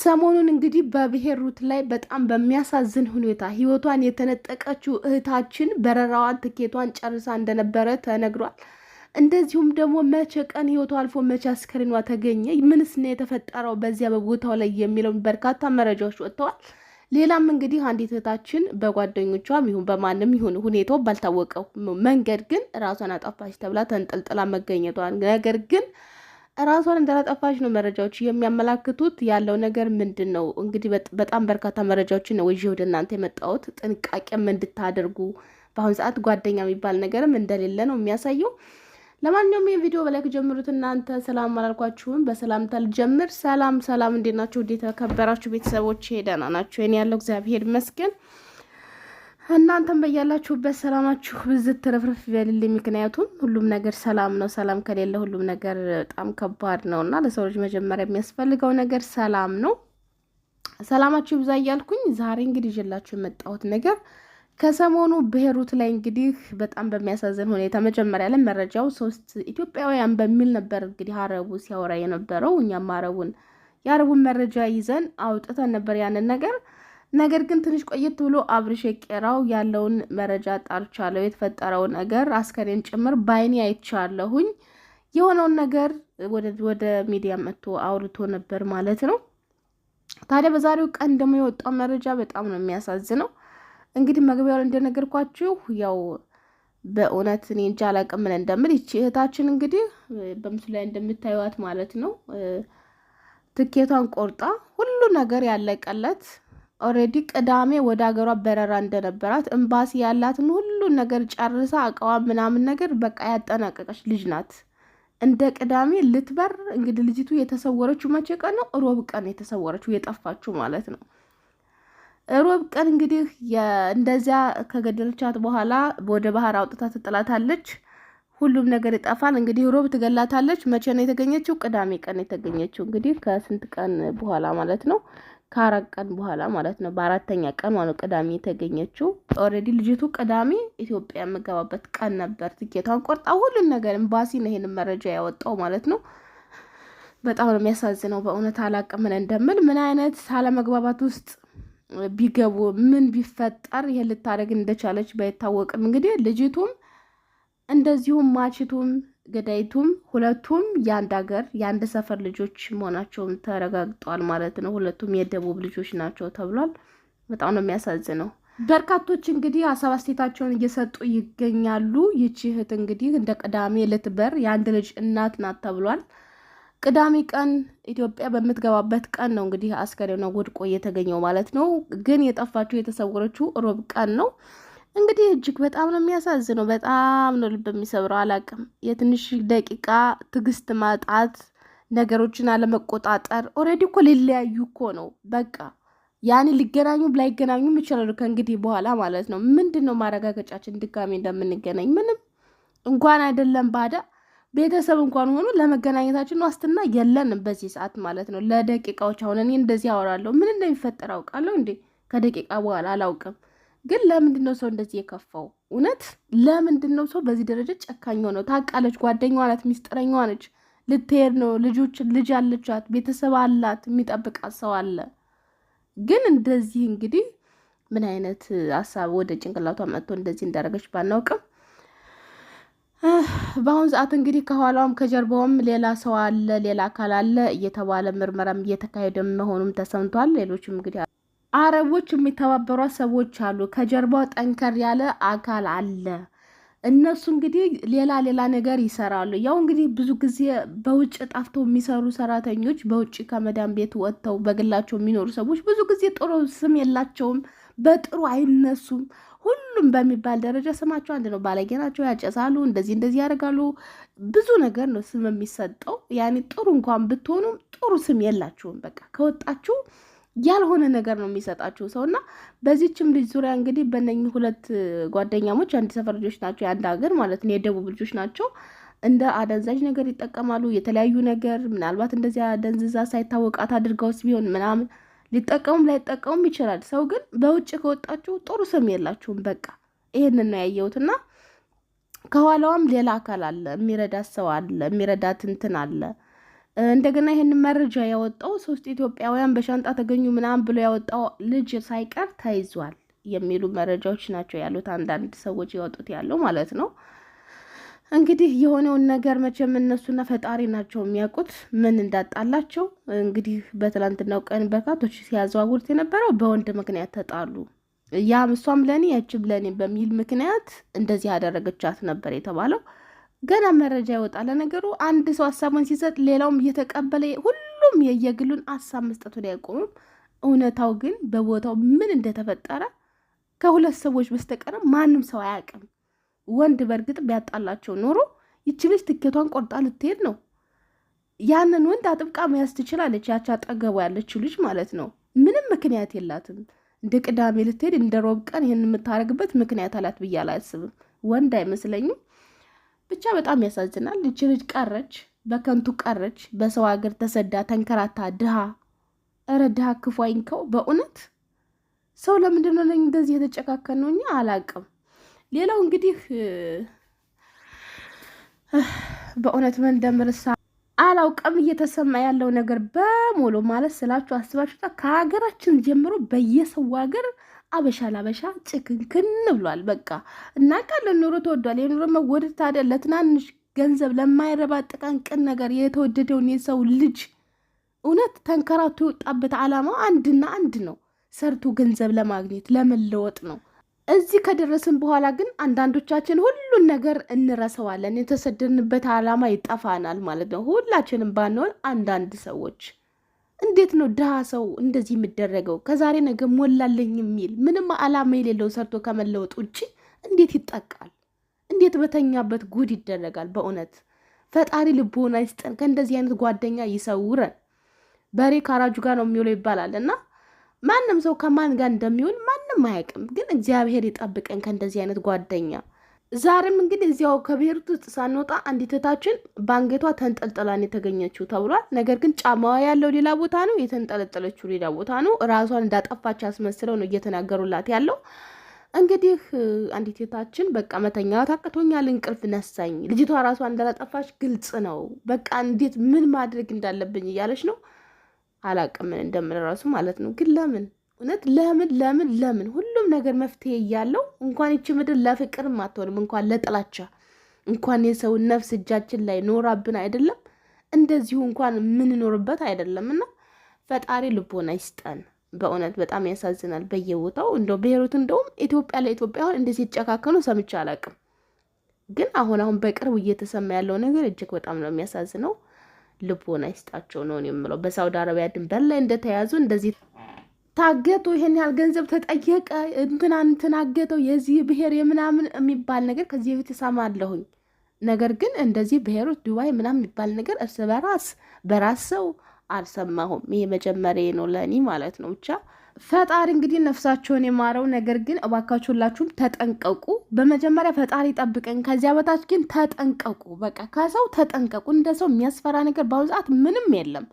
ሰሞኑን እንግዲህ ሩት ላይ በጣም በሚያሳዝን ሁኔታ ህይወቷን የተነጠቀችው እህታችን በረራዋን ትኬቷን ጨርሳ እንደነበረ ተነግሯል። እንደዚሁም ደግሞ መቼ ቀን ህይወቷ አልፎ መቼ አስከሬኗ ተገኘ፣ ምንስ ነው የተፈጠረው በዚያ በቦታው ላይ የሚለው በርካታ መረጃዎች ወጥተዋል። ሌላም እንግዲህ አንዲት እህታችን በጓደኞቿም ይሁን በማንም ይሁን ሁኔታው ባልታወቀው መንገድ ግን ራሷን አጠፋች ተብላ ተንጠልጥላ መገኘቷል። ነገር ግን ራሷን እንዳላጠፋች ነው መረጃዎች የሚያመላክቱት። ያለው ነገር ምንድን ነው እንግዲህ በጣም በርካታ መረጃዎችን ነው ይዤ ወደ እናንተ የመጣሁት። ጥንቃቄም እንድታደርጉ በአሁኑ ሰዓት ጓደኛ የሚባል ነገርም እንደሌለ ነው የሚያሳየው። ለማንኛውም ይህ ቪዲዮ በላይክ ጀምሩት። እናንተ ሰላም አላልኳችሁም? በሰላምታ ልጀምር። ሰላም ሰላም፣ እንዴት ናችሁ? ውድ የተከበራችሁ ቤተሰቦች ደህና ናቸው? የኔ ያለው እግዚአብሔር ይመስገን። እናንተም በያላችሁበት ሰላማችሁ ብዝት ትረፍረፍ ይበልልኝ። ምክንያቱም ሁሉም ነገር ሰላም ነው። ሰላም ከሌለ ሁሉም ነገር በጣም ከባድ ነው እና ለሰው ልጅ መጀመሪያ የሚያስፈልገው ነገር ሰላም ነው። ሰላማችሁ ይብዛ እያልኩኝ ዛሬ እንግዲህ ይዤላችሁ የመጣሁት ነገር ከሰሞኑ ቤይሩት ላይ እንግዲህ በጣም በሚያሳዝን ሁኔታ መጀመሪያ ላይ መረጃው ሶስት ኢትዮጵያውያን በሚል ነበር እንግዲህ አረቡ ሲያወራ የነበረው እኛም አረቡን የአረቡን መረጃ ይዘን አውጥተን ነበር ያንን ነገር ነገር ግን ትንሽ ቆየት ብሎ አብርሽ የቄራው ያለውን መረጃ ጣርቻለሁ፣ የተፈጠረው ነገር አስከሬን ጭምር ባይኔ አይቻለሁኝ። የሆነውን ነገር ወደ ሚዲያ መጥቶ አውርቶ ነበር ማለት ነው። ታዲያ በዛሬው ቀን ደግሞ የወጣው መረጃ በጣም ነው የሚያሳዝነው። እንግዲህ መግቢያውን ላይ እንደነገርኳችሁ ያው በእውነት እኔ እንጃ አላቅም ምን እንደምል። ይቺ እህታችን እንግዲህ በምስሉ ላይ እንደምታዩት ማለት ነው ትኬቷን ቆርጣ ሁሉ ነገር ያለቀለት ኦሬዲ ቅዳሜ ወደ ሀገሯ በረራ እንደነበራት እምባሲ ያላትን ሁሉን ነገር ጨርሳ እቃዋን ምናምን ነገር በቃ ያጠናቀቀች ልጅ ናት። እንደ ቅዳሜ ልትበር እንግዲህ ልጅቱ የተሰወረችው መቼ ቀን ነው? ሮብ ቀን የተሰወረችው የጠፋችው ማለት ነው። ሮብ ቀን እንግዲህ እንደዚያ ከገደለቻት በኋላ ወደ ባህር አውጥታ ትጥላታለች። ሁሉም ነገር ይጠፋል። እንግዲህ ሮብ ትገላታለች። መቼ ነው የተገኘችው? ቅዳሜ ቀን የተገኘችው እንግዲህ ከስንት ቀን በኋላ ማለት ነው። ከአራት ቀን በኋላ ማለት ነው። በአራተኛ ቀን ማለት ቅዳሜ የተገኘችው ኦልሬዲ ልጅቱ ቅዳሜ ኢትዮጵያ የምገባበት ቀን ነበር። ትኬቷን ቆርጣ ሁሉን ነገር ኤምባሲ ነው ይሄንን መረጃ ያወጣው ማለት ነው። በጣም ነው የሚያሳዝነው። በእውነት አላቅም ምን እንደምል ምን አይነት አለመግባባት ውስጥ ቢገቡ ምን ቢፈጠር ይሄን ልታደርግ እንደቻለች ባይታወቅም እንግዲህ ልጅቱም እንደዚሁም ማችቱም ገዳይቱም ሁለቱም የአንድ ሀገር የአንድ ሰፈር ልጆች መሆናቸውም ተረጋግጠዋል ማለት ነው። ሁለቱም የደቡብ ልጆች ናቸው ተብሏል። በጣም ነው የሚያሳዝነው። በርካቶች እንግዲህ ሀሳብ አስተያየታቸውን እየሰጡ ይገኛሉ። ይቺ እህት እንግዲህ እንደ ቅዳሜ ልትበር የአንድ ልጅ እናት ናት ተብሏል። ቅዳሜ ቀን ኢትዮጵያ በምትገባበት ቀን ነው እንግዲህ አስከሬኗ ወድቆ እየተገኘው ማለት ነው። ግን የጠፋችው የተሰወረችው ሮብ ቀን ነው። እንግዲህ እጅግ በጣም ነው የሚያሳዝነው። በጣም ነው ልብ የሚሰብረው። አላቅም የትንሽ ደቂቃ ትግስት ማጣት፣ ነገሮችን አለመቆጣጠር። ኦልሬዲ እኮ ሊለያዩ እኮ ነው በቃ ያኔ ሊገናኙም ላይገናኙም ይችላሉ ከእንግዲህ በኋላ ማለት ነው። ምንድን ነው ማረጋገጫችን ድጋሜ እንደምንገናኝ? ምንም እንኳን አይደለም ባዳ ቤተሰብ እንኳን ሆኖ ለመገናኘታችን ዋስትና የለንም በዚህ ሰዓት ማለት ነው። ለደቂቃዎች አሁን እኔ እንደዚህ አወራለሁ፣ ምን እንደሚፈጠር አውቃለሁ እንዴ? ከደቂቃ በኋላ አላውቅም። ግን ለምንድን ነው ሰው እንደዚህ የከፋው? እውነት ለምንድን ነው ሰው በዚህ ደረጃ ጨካኝ ነው? ታውቃለች፣ ጓደኛዋ ናት፣ ሚስጥረኛዋ ነች፣ ልትሄድ ነው፣ ልጆች ልጅ አለቻት፣ ቤተሰብ አላት፣ የሚጠብቃት ሰው አለ። ግን እንደዚህ እንግዲህ ምን አይነት ሀሳብ ወደ ጭንቅላቷ መጥቶ እንደዚህ እንዳደረገች ባናውቅም በአሁኑ ሰዓት እንግዲህ ከኋላውም ከጀርባውም ሌላ ሰው አለ፣ ሌላ አካል አለ እየተባለ ምርመራም እየተካሄደ መሆኑም ተሰምቷል። ሌሎችም እንግዲህ አረቦች የሚተባበሯት ሰዎች አሉ። ከጀርባው ጠንከር ያለ አካል አለ። እነሱ እንግዲህ ሌላ ሌላ ነገር ይሰራሉ። ያው እንግዲህ ብዙ ጊዜ በውጭ ጣፍተው የሚሰሩ ሰራተኞች፣ በውጭ ከመዳን ቤት ወጥተው በግላቸው የሚኖሩ ሰዎች ብዙ ጊዜ ጥሩ ስም የላቸውም፣ በጥሩ አይነሱም። ሁሉም በሚባል ደረጃ ስማቸው አንድ ነው። ባለጌ ናቸው፣ ያጨሳሉ፣ እንደዚህ እንደዚህ ያደርጋሉ። ብዙ ነገር ነው ስም የሚሰጠው። ያኔ ጥሩ እንኳን ብትሆኑም ጥሩ ስም የላችሁም። በቃ ከወጣችሁ ያልሆነ ነገር ነው የሚሰጣችሁ ሰው እና በዚችም ልጅ ዙሪያ እንግዲህ በእነኝህ ሁለት ጓደኛሞች አንድ ሰፈር ልጆች ናቸው፣ የአንድ ሀገር ማለት ነው የደቡብ ልጆች ናቸው። እንደ አደንዛዥ ነገር ይጠቀማሉ። የተለያዩ ነገር ምናልባት እንደዚያ ደንዝዛ ሳይታወቃት አድርገውስ ቢሆን ምናምን ሊጠቀሙም ላይጠቀሙም ይችላል። ሰው ግን በውጭ ከወጣችሁ ጥሩ ስም የላችሁም። በቃ ይህንን ነው ያየሁትና ከኋላዋም ሌላ አካል አለ፣ የሚረዳት ሰው አለ፣ የሚረዳት እንትን አለ እንደገና ይህንን መረጃ ያወጣው ሶስት ኢትዮጵያውያን በሻንጣ ተገኙ ምናምን ብሎ ያወጣው ልጅ ሳይቀር ተይዟል የሚሉ መረጃዎች ናቸው ያሉት። አንዳንድ ሰዎች ያወጡት ያለው ማለት ነው። እንግዲህ የሆነውን ነገር መቼም እነሱና ፈጣሪ ናቸው የሚያውቁት ምን እንዳጣላቸው። እንግዲህ በትላንትናው ቀን በርካቶች ሲያዘዋውሩት የነበረው በወንድ ምክንያት ተጣሉ፣ ያም እሷም ለኔ ያችም ለኔ በሚል ምክንያት እንደዚህ ያደረገቻት ነበር የተባለው። ገና መረጃ ይወጣል። ለነገሩ አንድ ሰው ሀሳቡን ሲሰጥ ሌላውም እየተቀበለ ሁሉም የየግሉን ሀሳብ መስጠቱን አያቆምም። እውነታው ግን በቦታው ምን እንደተፈጠረ ከሁለት ሰዎች በስተቀር ማንም ሰው አያውቅም። ወንድ በእርግጥ ቢያጣላቸው ኖሮ ይቺ ልጅ ትኬቷን ቆርጣ ልትሄድ ነው። ያንን ወንድ አጥብቃ መያዝ ትችላለች። ያች አጠገቧ ያለችው ልጅ ማለት ነው። ምንም ምክንያት የላትም። እንደ ቅዳሜ ልትሄድ እንደ ሮብ ቀን ይህን የምታደርግበት ምክንያት አላት ብዬ አላስብም። ወንድ አይመስለኝም። ብቻ በጣም ያሳዝናል። ልጅልጅ ልጅ ቀረች፣ በከንቱ ቀረች፣ በሰው ሀገር ተሰዳ ተንከራታ ድሃ። እረ ድሃ ክፉ አይንከው በእውነት ሰው ለምንድን ነው እንደዚህ የተጨካከን ነው? እኛ አላቅም። ሌላው እንግዲህ በእውነት ምን እንደምርሳ አላውቅም። እየተሰማ ያለው ነገር በሙሉ ማለት ስላችሁ አስባችሁታ ከሀገራችን ጀምሮ በየሰው ሀገር አበሻ ላበሻ ጭክንክን ብሏል። በቃ እናውቃለን፣ ኑሮ ተወዷል። የኑሮ መወደድ ታዲያ ለትናንሽ ገንዘብ ለማይረባ ጥቃቅን ነገር የተወደደውን የሰው ልጅ እውነት ተንከራቱ የወጣበት አላማ አንድና አንድ ነው፣ ሰርቶ ገንዘብ ለማግኘት ለመለወጥ ነው። እዚህ ከደረስን በኋላ ግን አንዳንዶቻችን ሁሉን ነገር እንረሰዋለን የተሰደድንበት ዓላማ ይጠፋናል ማለት ነው። ሁላችንም ባንሆን አንዳንድ ሰዎች እንዴት ነው ድሃ ሰው እንደዚህ የሚደረገው? ከዛሬ ነገ ሞላለኝ የሚል ምንም አላማ የሌለው ሰርቶ ከመለወጥ ውጭ እንዴት ይጠቃል? እንዴት በተኛበት ጉድ ይደረጋል? በእውነት ፈጣሪ ልቦና ይስጠን፣ ከእንደዚህ አይነት ጓደኛ ይሰውረን። በሬ ከአራጁ ጋር ነው የሚውለው ይባላል እና ማንም ሰው ከማን ጋር እንደሚውል ማንም አያውቅም። ግን እግዚአብሔር ይጠብቀን ከእንደዚህ አይነት ጓደኛ ዛሬም እንግዲህ እዚያው ከቤሩት ውስጥ ሳንወጣ አንዲት እህታችን በአንገቷ ተንጠልጥላን የተገኘችው ተብሏል። ነገር ግን ጫማዋ ያለው ሌላ ቦታ ነው፣ የተንጠለጠለችው ሌላ ቦታ ነው። ራሷን እንዳጠፋች አስመስለው ነው እየተናገሩላት ያለው። እንግዲህ አንዲት እህታችን በቃ መተኛት ታቅቶኛል፣ እንቅልፍ ነሳኝ፣ ልጅቷ ራሷን እንዳላጠፋች ግልጽ ነው። በቃ እንዴት ምን ማድረግ እንዳለብኝ እያለች ነው። አላቅምን እንደምን ራሱ ማለት ነው። ግን ለምን እውነት ለምን ለምን ለምን ሁሉም ነገር መፍትሄ እያለው እንኳን ይቺ ምድር ለፍቅርም አትሆንም፣ እንኳን ለጥላቻ እንኳን የሰውን ነፍስ እጃችን ላይ ኖራብን አይደለም እንደዚሁ እንኳን የምንኖርበት አይደለም። እና ፈጣሪ ልቦና ይስጠን። በእውነት በጣም ያሳዝናል። በየቦታው እንደ ብሄሩት እንደውም ኢትዮጵያ ለኢትዮጵያ አሁን እንደዚህ ሲጨካከኑ ሰምቼ አላውቅም። ግን አሁን አሁን በቅርብ እየተሰማ ያለው ነገር እጅግ በጣም ነው የሚያሳዝነው። ልቦና ይስጣቸው ነው የምለው። በሳውዲ አረቢያ ድንበር ላይ እንደተያዙ እንደዚህ ታገጡ ይሄን ያህል ገንዘብ ተጠየቀ፣ እንትና እንትን የዚህ ብሔር የምናምን የሚባል ነገር ከዚህ በፊት እሰማለሁኝ። ነገር ግን እንደዚህ ብሔሮች ዱባይ ምናምን የሚባል ነገር እርስ በራስ በራስ ሰው አልሰማሁም። ይሄ መጀመሪያ ነው ለእኔ ማለት ነው። ብቻ ፈጣሪ እንግዲህ ነፍሳቸውን የማረው። ነገር ግን እባካችሁ ሁላችሁም ተጠንቀቁ። በመጀመሪያ ፈጣሪ ጠብቀን፣ ከዚያ በታች ግን ተጠንቀቁ። በቃ ከሰው ተጠንቀቁ። እንደ ሰው የሚያስፈራ ነገር በአሁኑ ሰዓት ምንም የለም።